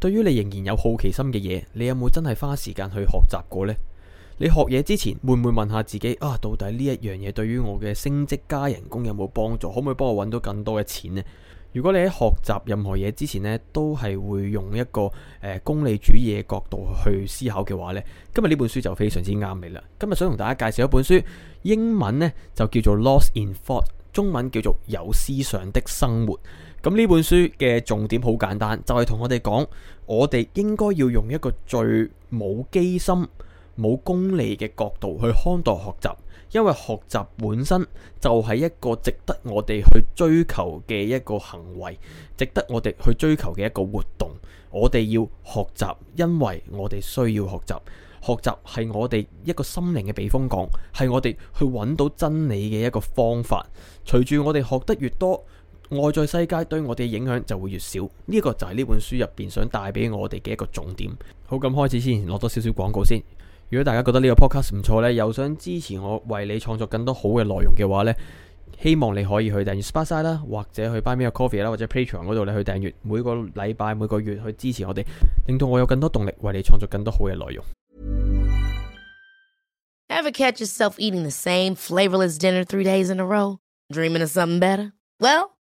對於你仍然有好奇心嘅嘢，你有冇真係花時間去學習過呢？你學嘢之前，會唔會問下自己「啊？到底呢一樣嘢對於我嘅升職加人工有冇幫助？可唔可以幫我揾到更多嘅錢呢？」如果你喺學習任何嘢之前呢，都係會用一個誒功利主義嘅角度去思考嘅話呢，今日呢本書就非常之啱你啦。今日想同大家介紹一本書，英文呢就叫做《Lost in Thought》，中文叫做《有思想的生活》。咁呢本書嘅重點好簡單，就係同我哋講，我哋應該要用一個最冇機心、冇功利嘅角度去看待學習，因為學習本身就係一個值得我哋去追求嘅一個行為，值得我哋去追求嘅一個活動。我哋要學習，因為我哋需要學習。學習係我哋一個心靈嘅避風港，係我哋去揾到真理嘅一個方法。隨住我哋學得越多，外在世界對我哋嘅影響就會越少，呢一個就係呢本書入邊想帶俾我哋嘅一個重點。好，咁開始先，攞多少少廣告先。如果大家覺得呢個 podcast 唔錯呢，又想支持我，為你創作更多好嘅內容嘅話呢，希望你可以去訂閱 Spotify 啦，或者去 Buy Me a Coffee 啦，或者 Patreon 嗰度，你去訂閱，每個禮拜、每個月去支持我哋，令到我有更多動力為你創作更多好嘅內容。Ever catch yourself eating the same flavorless dinner three days in a row? Dreaming of something better? Well.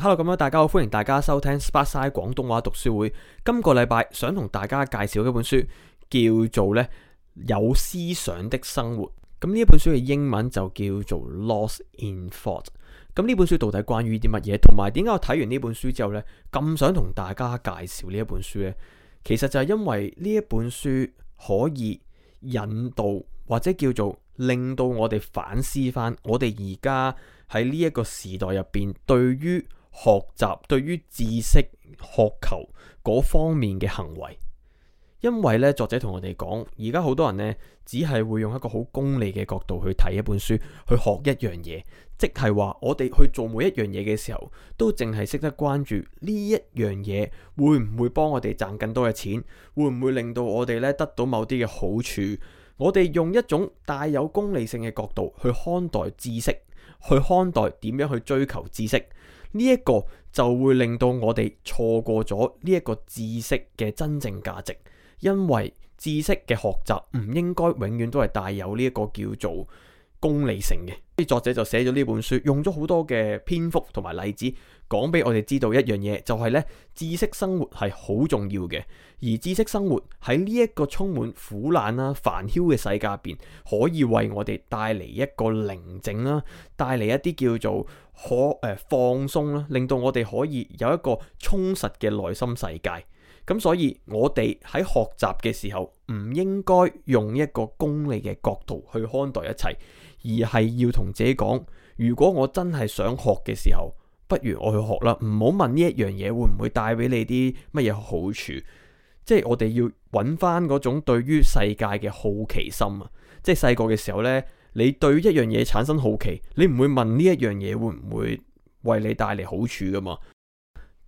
hello，咁樣，大家好，歡迎大家收聽《Sparksine 廣東話讀書會》。今個禮拜想同大家介紹一本書，叫做咧《有思想的生活》。咁呢一本書嘅英文就叫做《Lost in Thought》。咁呢本書到底關於啲乜嘢？同埋點解我睇完呢本書之後呢，咁想同大家介紹呢一本書呢？其實就係因為呢一本書可以引導或者叫做令到我哋反思翻我哋而家喺呢一個時代入邊對於，學習對於知識、學求嗰方面嘅行為，因為咧作者同我哋講，而家好多人呢，只係會用一個好功利嘅角度去睇一本書，去學一樣嘢，即係話我哋去做每一樣嘢嘅時候，都淨係識得關注呢一樣嘢會唔會幫我哋賺更多嘅錢，會唔會令到我哋咧得到某啲嘅好處？我哋用一種帶有功利性嘅角度去看待知識，去看待點樣去追求知識。呢一個就會令到我哋錯過咗呢一個知識嘅真正價值，因為知識嘅學習唔應該永遠都係帶有呢一個叫做功利性嘅。啲作者就寫咗呢本書，用咗好多嘅篇幅同埋例子。講俾我哋知道一樣嘢，就係呢知識生活係好重要嘅。而知識生活喺呢一個充滿苦難啦、啊、煩囂嘅世界入邊，可以為我哋帶嚟一個寧靜啦、啊，帶嚟一啲叫做可誒、呃、放鬆啦、啊，令到我哋可以有一個充實嘅內心世界。咁所以，我哋喺學習嘅時候，唔應該用一個功利嘅角度去看待一切，而係要同自己講：如果我真係想學嘅時候。不如我去學啦，唔好問呢一樣嘢會唔會帶俾你啲乜嘢好處，即係我哋要揾翻嗰種對於世界嘅好奇心啊！即係細個嘅時候呢，你對一樣嘢產生好奇，你唔會問呢一樣嘢會唔會為你帶嚟好處噶嘛？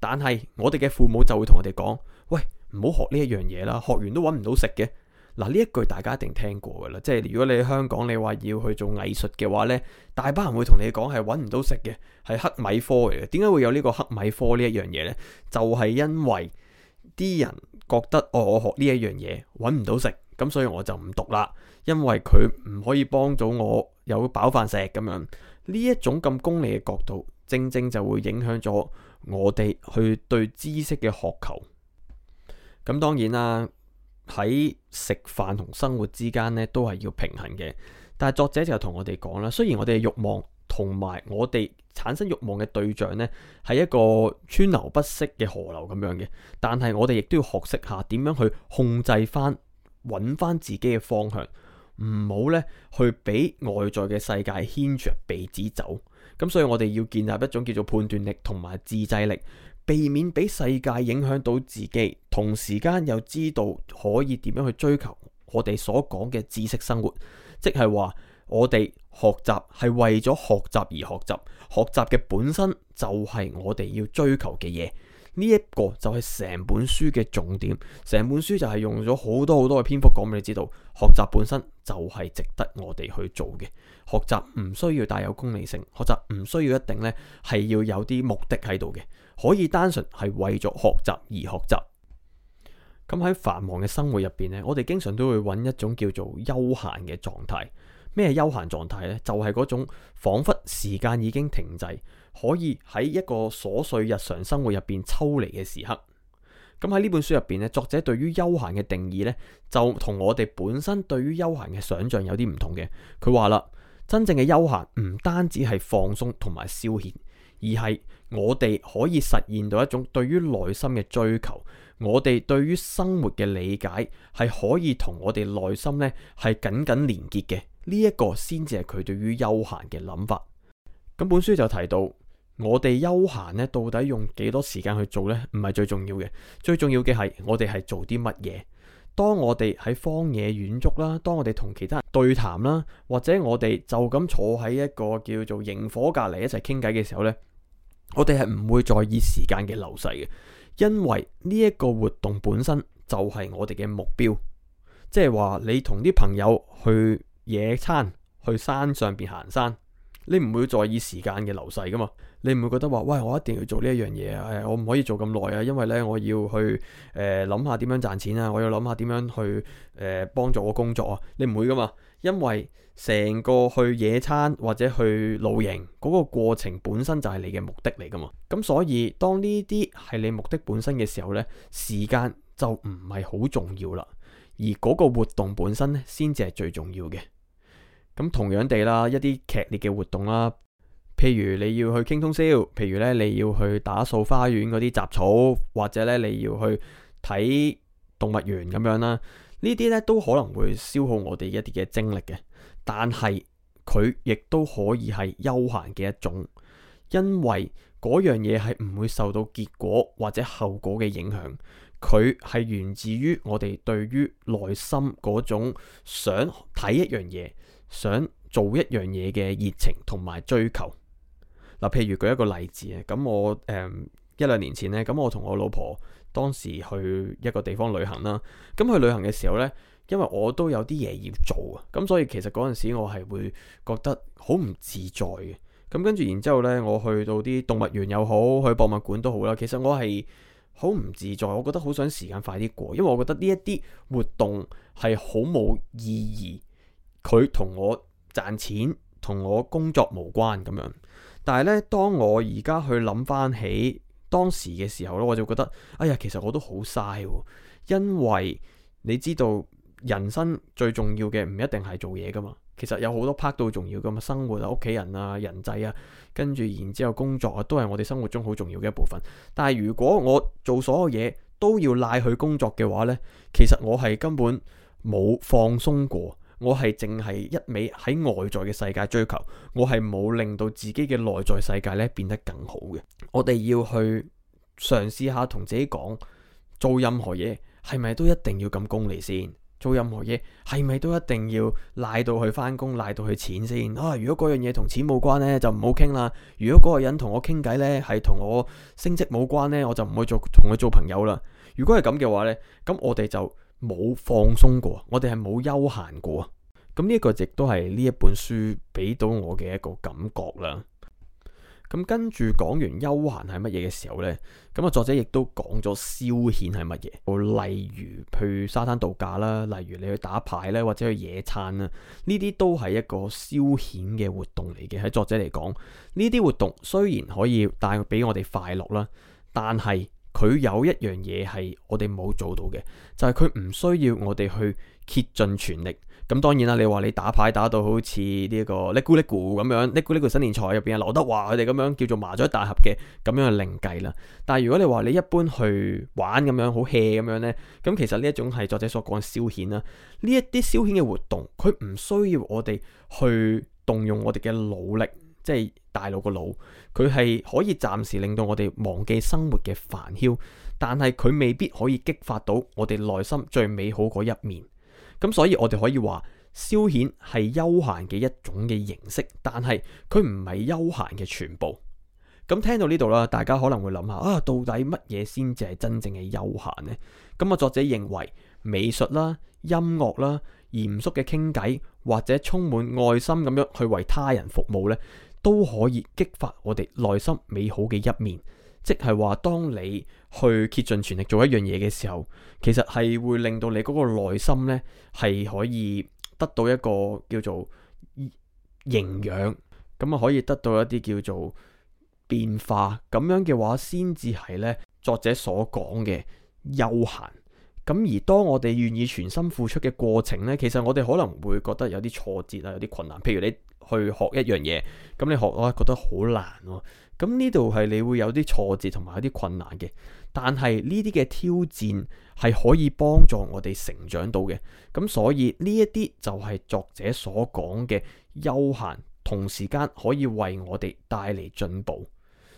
但係我哋嘅父母就會同我哋講：喂，唔好學呢一樣嘢啦，學完都揾唔到食嘅。嗱，呢一句大家一定聽過噶啦，即係如果你喺香港，你話要去做藝術嘅話呢，大班人會同你講係揾唔到食嘅，係黑米科嚟嘅。點解會有呢個黑米科呢一樣嘢呢？就係因為啲人覺得我學呢一樣嘢揾唔到食，咁所以我就唔讀啦，因為佢唔可以幫到我有飽飯食咁樣。呢一種咁功利嘅角度，正正就會影響咗我哋去對知識嘅渴求。咁當然啦。喺食飯同生活之間咧，都係要平衡嘅。但係作者就同我哋講啦，雖然我哋嘅欲望同埋我哋產生欲望嘅對象呢係一個川流不息嘅河流咁樣嘅，但係我哋亦都要學識下點樣去控制翻、揾翻自己嘅方向，唔好呢去俾外在嘅世界牽著鼻子走。咁所以我哋要建立一種叫做判斷力同埋自制力。避免俾世界影響到自己，同時間又知道可以點樣去追求我哋所講嘅知識生活，即係話我哋學習係為咗學習而學習，學習嘅本身就係我哋要追求嘅嘢。呢一個就係成本書嘅重點，成本書就係用咗好多好多嘅篇幅講俾你知道，學習本身就係值得我哋去做嘅，學習唔需要帶有功利性，學習唔需要一定呢係要有啲目的喺度嘅，可以單純係為咗學習而學習。咁喺繁忙嘅生活入邊呢，我哋經常都會揾一種叫做悠閒嘅狀態。咩悠閒狀態呢？就係嗰種仿佛時間已經停滯。可以喺一個瑣碎日常生活入邊抽離嘅時刻，咁喺呢本書入邊呢，作者對於休閒嘅定義呢，就同我哋本身對於休閒嘅想象有啲唔同嘅。佢話啦，真正嘅休閒唔單止係放鬆同埋消遣，而係我哋可以實現到一種對於內心嘅追求，我哋對於生活嘅理解係可以同我哋內心呢係緊緊連結嘅，呢一個先至係佢對於休閒嘅諗法。咁本書就提到，我哋休閒呢，到底用幾多時間去做呢？唔係最重要嘅，最重要嘅係我哋係做啲乜嘢。當我哋喺荒野遠足啦，當我哋同其他人對談啦，或者我哋就咁坐喺一個叫做營火隔離一齊傾偈嘅時候呢，我哋係唔會在意時間嘅流逝嘅，因為呢一個活動本身就係我哋嘅目標，即係話你同啲朋友去野餐，去山上邊行山。你唔會在意時間嘅流逝噶嘛？你唔會覺得話，喂，我一定要做呢一樣嘢啊！誒我唔可以做咁耐啊，因為呢我要去諗、呃、下點樣賺錢啊，我要諗下點樣去誒幫、呃、助我工作啊！你唔會噶嘛？因為成個去野餐或者去露營嗰、嗰個過程本身就係你嘅目的嚟噶嘛。咁所以，當呢啲係你目的本身嘅時候呢，時間就唔係好重要啦，而嗰個活動本身先至係最重要嘅。咁同樣地啦，一啲劇烈嘅活動啦，譬如你要去傾通宵，譬如咧你要去打掃花園嗰啲雜草，或者咧你要去睇動物園咁樣啦，呢啲咧都可能會消耗我哋一啲嘅精力嘅。但係佢亦都可以係休閒嘅一種，因為嗰樣嘢係唔會受到結果或者後果嘅影響。佢係源自於我哋對於內心嗰種想睇一樣嘢，想做一樣嘢嘅熱情同埋追求嗱，譬如舉一個例子啊，咁我誒一兩年前呢，咁我同我老婆當時去一個地方旅行啦，咁去旅行嘅時候呢，因為我都有啲嘢要做啊，咁所以其實嗰陣時我係會覺得好唔自在嘅，咁跟住然之後呢，我去到啲動物園又好，去博物館都好啦，其實我係好唔自在，我覺得好想時間快啲過，因為我覺得呢一啲活動係好冇意義。佢同我賺錢同我工作無關咁樣，但係呢，當我而家去諗翻起當時嘅時候呢，我就覺得哎呀，其實我都好嘥喎。因為你知道人生最重要嘅唔一定係做嘢噶嘛，其實有好多 part 都好重要噶嘛，生活啊、屋企人啊、人仔啊，跟住然之後工作啊，都係我哋生活中好重要嘅一部分。但係如果我做所有嘢都要賴佢工作嘅話呢，其實我係根本冇放鬆過。我係淨係一味喺外在嘅世界追求，我係冇令到自己嘅內在世界咧變得更好嘅。我哋要去嘗試下同自己講，做任何嘢係咪都一定要咁功利先？做任何嘢係咪都一定要賴到去返工、賴到去錢先？啊，如果嗰樣嘢同錢冇關呢，就唔好傾啦。如果嗰個人同我傾偈呢，係同我升職冇關呢，我就唔會做同佢做朋友啦。如果係咁嘅話呢，咁我哋就。冇放鬆過，我哋係冇休閒過。咁呢個亦都係呢一本書俾到我嘅一個感覺啦。咁跟住講完休閒係乜嘢嘅時候呢？咁啊作者亦都講咗消遣係乜嘢，例如去沙灘度假啦，例如你去打牌咧，或者去野餐啦，呢啲都係一個消遣嘅活動嚟嘅。喺作者嚟講，呢啲活動雖然可以帶俾我哋快樂啦，但係。佢有一樣嘢係我哋冇做到嘅，就係佢唔需要我哋去竭盡全力。咁當然啦，你話你打牌打到好似呢個叻咕叻咕咁樣，叻咕叻咕新年財入面，啊，劉德華佢哋咁樣叫做麻雀大俠嘅咁樣嘅靈計啦。但係如果你話你一般去玩咁樣好 hea 咁樣呢，咁其實呢一種係作者所講嘅消遣啦。呢一啲消遣嘅活動，佢唔需要我哋去動用我哋嘅努力。即係大腦個腦，佢係可以暫時令到我哋忘記生活嘅煩囂，但係佢未必可以激發到我哋內心最美好嗰一面。咁所以我哋可以話，消遣係休閒嘅一種嘅形式，但係佢唔係休閒嘅全部。咁聽到呢度啦，大家可能會諗下「啊，到底乜嘢先至係真正嘅休閒呢？」咁啊，作者認為美術啦、音樂啦、嚴肅嘅傾偈或者充滿愛心咁樣去為他人服務呢。都可以激發我哋內心美好嘅一面，即係話，當你去竭盡全力做一樣嘢嘅時候，其實係會令到你嗰個內心呢係可以得到一個叫做營養，咁啊可以得到一啲叫做變化。咁樣嘅話，先至係呢作者所講嘅悠閒。咁而當我哋願意全心付出嘅過程呢，其實我哋可能會覺得有啲挫折啊，有啲困難，譬如你，去學一樣嘢，咁你學我、啊、覺得好難喎、啊。咁呢度係你會有啲挫折同埋有啲困難嘅，但係呢啲嘅挑戰係可以幫助我哋成長到嘅。咁所以呢一啲就係作者所講嘅休閒，同時間可以為我哋帶嚟進步。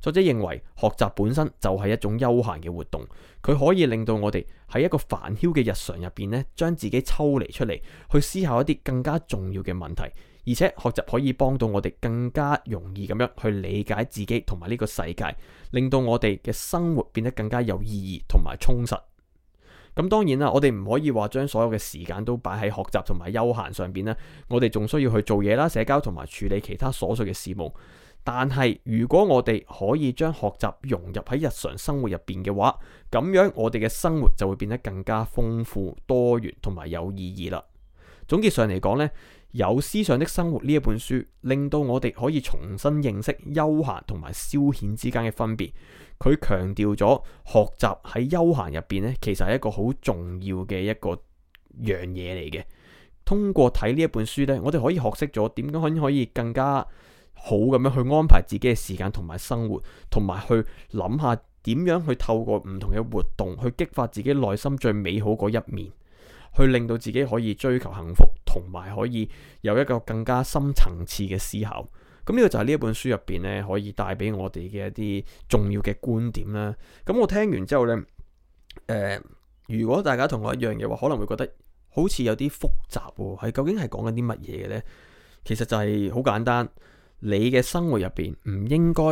作者認為學習本身就係一種休閒嘅活動，佢可以令到我哋喺一個煩囂嘅日常入邊呢，將自己抽離出嚟，去思考一啲更加重要嘅問題。而且學習可以幫到我哋更加容易咁樣去理解自己同埋呢個世界，令到我哋嘅生活變得更加有意義同埋充實。咁當然啦，我哋唔可以話將所有嘅時間都擺喺學習同埋休閒上邊啦，我哋仲需要去做嘢啦、社交同埋處理其他瑣碎嘅事務。但係如果我哋可以將學習融入喺日常生活入邊嘅話，咁樣我哋嘅生活就會變得更加豐富多元同埋有意義啦。總結上嚟講呢，有思想的生活呢一本書，令到我哋可以重新認識休閒同埋消遣之間嘅分別。佢強調咗學習喺休閒入邊呢，其實係一個好重要嘅一個樣嘢嚟嘅。通過睇呢一本書呢，我哋可以學識咗點樣可以可以更加好咁樣去安排自己嘅時間同埋生活，同埋去諗下點樣去透過唔同嘅活動去激發自己內心最美好嗰一面，去令到自己可以追求幸福，同埋可以有一個更加深層次嘅思考，咁呢個就係呢一本書入邊咧可以帶俾我哋嘅一啲重要嘅觀點啦。咁我聽完之後呢，誒、呃，如果大家同我一樣嘅話，可能會覺得好似有啲複雜喎、哦，係究竟係講緊啲乜嘢嘅呢？其實就係好簡單，你嘅生活入邊唔應該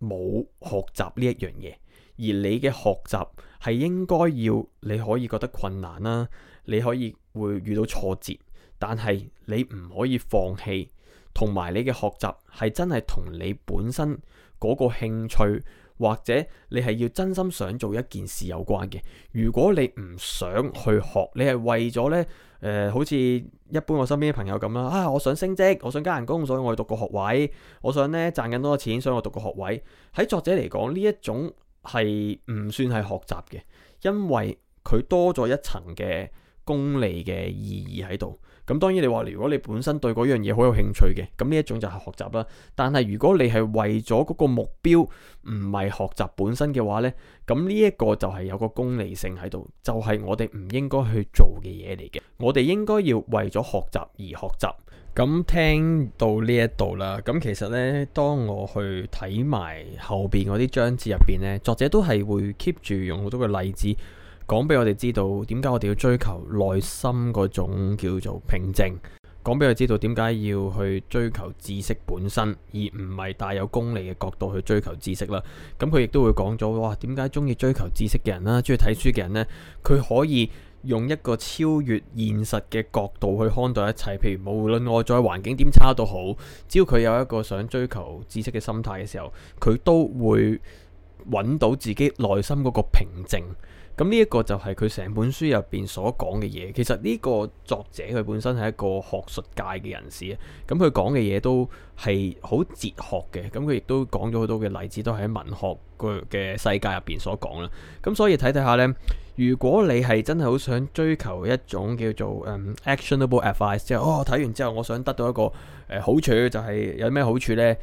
冇學習呢一樣嘢，而你嘅學習係應該要你可以覺得困難啦，你可以會遇到挫折。但係你唔可以放棄，同埋你嘅學習係真係同你本身嗰個興趣，或者你係要真心想做一件事有關嘅。如果你唔想去學，你係為咗呢，誒、呃，好似一般我身邊嘅朋友咁啦，啊，我想升職，我想加人工，所以我去讀個學位；我想呢賺更多錢，所以我讀個學位。喺作者嚟講，呢一種係唔算係學習嘅，因為佢多咗一層嘅功利嘅意義喺度。咁當然你話，如果你本身對嗰樣嘢好有興趣嘅，咁呢一種就係學習啦。但係如果你係為咗嗰個目標唔係學習本身嘅話呢，咁呢一個就係有個功利性喺度，就係我哋唔應該去做嘅嘢嚟嘅。我哋應該要為咗學習而學習。咁聽到呢一度啦，咁其實呢，當我去睇埋後邊嗰啲章節入面呢，作者都係會 keep 住用好多個例子。講俾我哋知道點解我哋要追求內心嗰種叫做平靜。講俾佢知道點解要去追求知識本身，而唔係帶有功利嘅角度去追求知識啦。咁佢亦都會講咗，哇，點解中意追求知識嘅人啦，中意睇書嘅人呢？佢可以用一個超越現實嘅角度去看待一切。譬如無論外在環境點差都好，只要佢有一個想追求知識嘅心態嘅時候，佢都會揾到自己內心嗰個平靜。咁呢一個就係佢成本書入邊所講嘅嘢。其實呢個作者佢本身係一個學術界嘅人士，咁佢講嘅嘢都係好哲學嘅。咁佢亦都講咗好多嘅例子，都係喺文學嘅世界入邊所講啦。咁所以睇睇下呢，如果你係真係好想追求一種叫做、um, actionable advice，即係哦睇完之後我想得到一個、呃、好處，就係有咩好處呢？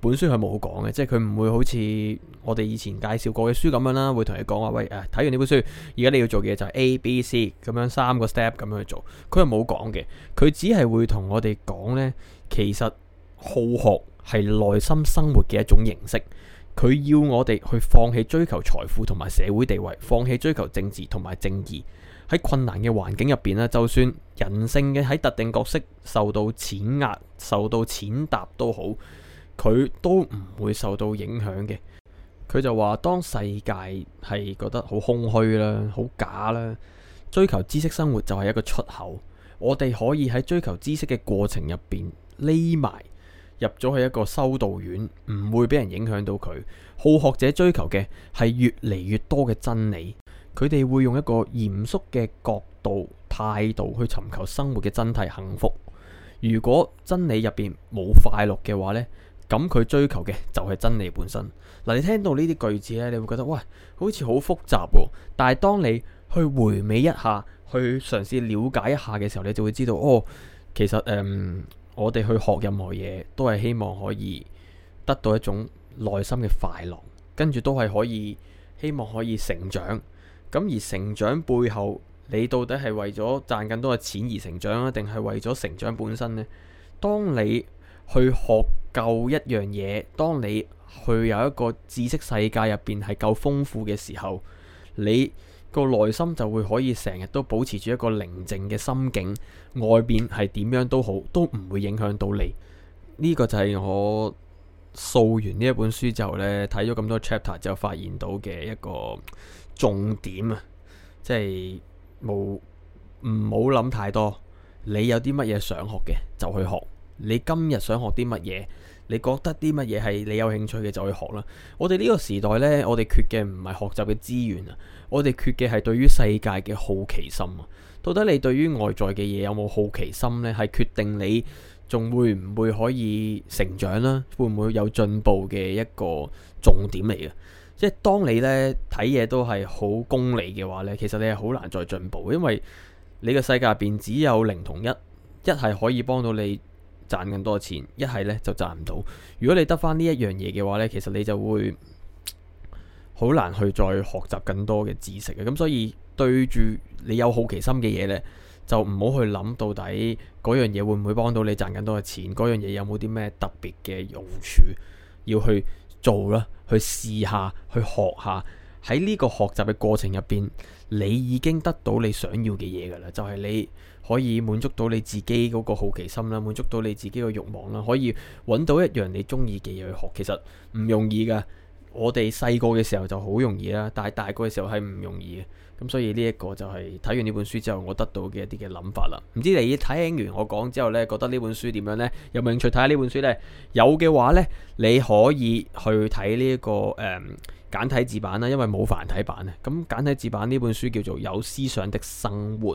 本書係冇講嘅，即係佢唔會好似我哋以前介紹過嘅書咁樣啦，會同你講話，喂，誒、啊、睇完呢本書，而家你要做嘅嘢就係 A、B、C 咁樣三個 step 咁樣去做。佢係冇講嘅，佢只係會同我哋講呢：「其實好學係內心生活嘅一種形式。佢要我哋去放棄追求財富同埋社會地位，放棄追求政治同埋正義。喺困難嘅環境入邊呢，就算人性嘅喺特定角色受到濫壓、受到踐踏都好。佢都唔會受到影響嘅。佢就話：當世界係覺得好空虛啦，好假啦，追求知識生活就係一個出口。我哋可以喺追求知識嘅過程入邊匿埋入咗，係一個修道院，唔會俾人影響到佢。好學者追求嘅係越嚟越多嘅真理。佢哋會用一個嚴肅嘅角度、態度去尋求生活嘅真諦、幸福。如果真理入邊冇快樂嘅話呢。」咁佢追求嘅就係真理本身嗱、啊。你聽到呢啲句子呢，你會覺得嘩，好似好複雜喎、哦。但係當你去回味一下，去嘗試了解一下嘅時候，你就會知道哦，其實誒、嗯，我哋去學任何嘢都係希望可以得到一種內心嘅快樂，跟住都係可以希望可以成長。咁而成長背後，你到底係為咗賺更多嘅錢而成長啊，定係為咗成長本身呢？當你去學。夠一樣嘢，當你去有一個知識世界入邊係夠豐富嘅時候，你個內心就會可以成日都保持住一個寧靜嘅心境，外邊係點樣都好，都唔會影響到你。呢個就係我掃完呢一本書之後咧，睇咗咁多 chapter 就發現到嘅一個重點啊！即係冇，唔好諗太多，你有啲乜嘢想學嘅就去學。你今日想學啲乜嘢？你覺得啲乜嘢係你有興趣嘅就去學啦。我哋呢個時代呢，我哋缺嘅唔係學習嘅資源啊，我哋缺嘅係對於世界嘅好奇心啊。到底你對於外在嘅嘢有冇好奇心呢？係決定你仲會唔會可以成長啦，會唔會有進步嘅一個重點嚟嘅。即係當你呢睇嘢都係好功利嘅話呢，其實你係好難再進步，因為你嘅世界入邊只有零同一一係可以幫到你，賺更多錢，一係呢就賺唔到。如果你得翻呢一樣嘢嘅話呢，其實你就會好難去再學習更多嘅知識嘅。咁所以對住你有好奇心嘅嘢呢，就唔好去諗到底嗰樣嘢會唔會幫到你賺更多嘅錢，嗰樣嘢有冇啲咩特別嘅用處，要去做啦，去試下，去學下。喺呢個學習嘅過程入邊，你已經得到你想要嘅嘢噶啦，就係你。可以滿足到你自己嗰個好奇心啦，滿足到你自己嘅慾望啦，可以揾到一樣你中意嘅嘢去學，其實唔容易㗎。我哋細個嘅時候就好容易啦，但係大個嘅時候係唔容易嘅。咁所以呢一個就係睇完呢本書之後，我得到嘅一啲嘅諗法啦。唔知你睇完我講之後呢，覺得呢本書點樣呢？有冇興趣睇下呢本書呢？有嘅話呢，你可以去睇呢一個誒、嗯、簡體字版啦，因為冇繁體版啊。咁簡體字版呢本書叫做《有思想的生活》。